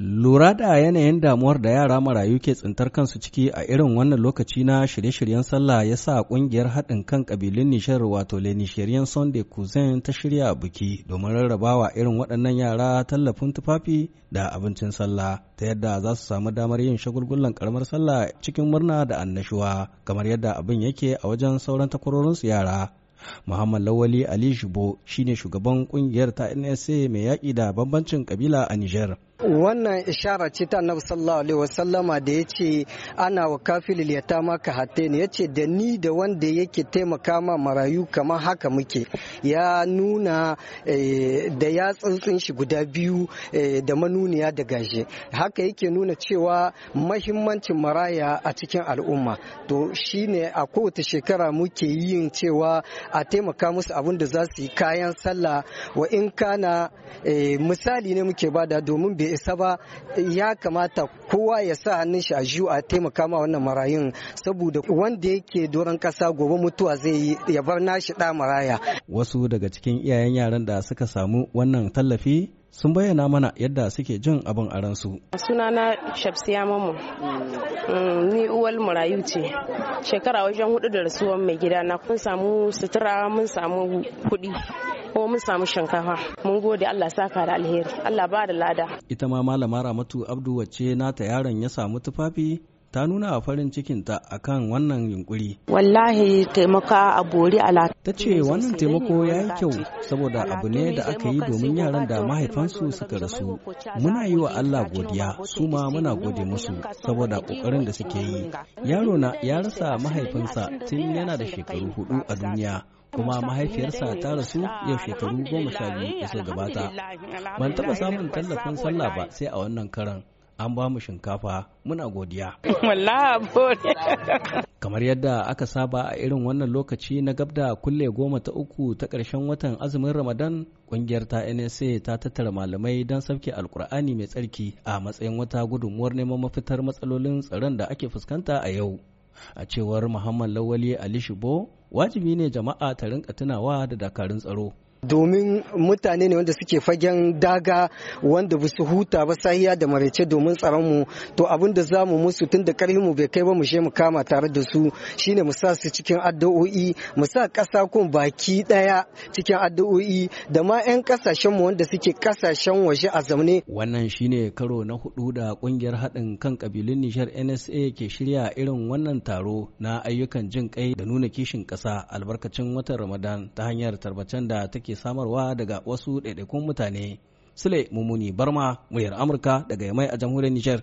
Lura da yanayin damuwar da yara marayu ke tsintar kansu ciki a irin wannan lokaci na shirye-shiryen sallah ya sa ƙungiyar haɗin kan ƙabilun Nishar wato Le Nisharian Sunday Cousin ta shirya buki domin rarrabawa irin waɗannan yara tallafin tufafi da abincin sallah ta yadda za su samu damar yin shagulgullan karamar sallah cikin murna da annashuwa kamar yadda abin yake a wajen sauran takwarorinsu yara. Muhammad Lawali Ali Shibo shine shugaban ƙungiyar ta NSA mai yaƙi da bambancin kabila a Nijar. wannan ishara ce ta annabi sallallahu alaihi wasallama da ya ce ana wa kafilil liyata maka ka hatte ne ya ce da ni da wanda yake taimaka ma marayu kamar haka muke ya nuna eh, da ya tsantsin shi guda biyu eh, da manuniya da gaje haka yake nuna cewa mahimmancin maraya a cikin al'umma to shine a kowace shekara muke yin cewa a taimaka musu abin da za su yi kayan sallah wa in kana Eh, misali ne muke bada domin bai isa ba ya kamata kowa ya sa hannun shi a jiyu a taimaka ma wannan marayun saboda wanda yake doron kasa gobe mutuwa zai yi ya bar nashi da maraya wasu daga cikin iyayen yaran da suka samu wannan tallafi sun bayyana mana yadda suke jin abin a ransu. Sunana shafsiya Mamu, mm, ni uwal marayu ce. Shekara wajen hudu da rasuwan mai gida na kun samu sutura mun samu kuɗi. ko mun samu shinkafa mun gode Allah saka da alheri Allah ba da lada ita ma malama Ramatu Abdu wacce nata yaron ya samu tufafi ta nuna a farin cikinta a kan wannan yunkuri. Wallahi taimaka a bori ala. Ta ce wannan taimako ya yi kyau saboda abu ne da aka yi domin yaran da mahaifansu suka rasu. Muna yi wa Allah godiya su ma muna gode musu saboda ƙoƙarin da suke yi. Yaro na ya rasa mahaifinsa tun yana da shekaru hudu a duniya. kuma mahaifiyarsa ta rasu yau shekaru goma sha biyu da gabata ban taɓa samun tallafin sallah ba sai a wannan karan an ba mu shinkafa muna godiya. Kamar yadda aka saba a irin wannan lokaci na gabda kulle goma ta uku ta ƙarshen watan azumin Ramadan ƙungiyar ta NSA ta tattara malamai don sauke alkur'ani mai tsarki a matsayin wata gudunmuwar neman mafitar matsalolin tsaron da ake fuskanta a yau. A cewar Muhammad Lawali Ali Shibo, wajibi ne jama'a ta rinka tunawa da dakarun tsaro. domin mutane ne wanda suke fagen daga wanda ba su huta ba sahiya da maraice domin tsaron mu to abin da za mu musu tun da karhin mu bai kai ba mu she mu kama tare da su shine mu sa su cikin addu'o'i mu sa ƙasa kun baki daya cikin addu'o'i da ma 'yan kasashen mu wanda suke kasashen waje a zamne wannan shine karo na hudu da kungiyar haɗin kan kabilun Nijar NSA ke shirya irin wannan taro na ayyukan jin kai da nuna kishin ƙasa albarkacin watan Ramadan ta hanyar tarbacen da take ake samarwa daga wasu ɗaiɗaikun mutane. Sule Mumuni Barma, muryar Amurka daga Yamai a jamhuriyar Nijar.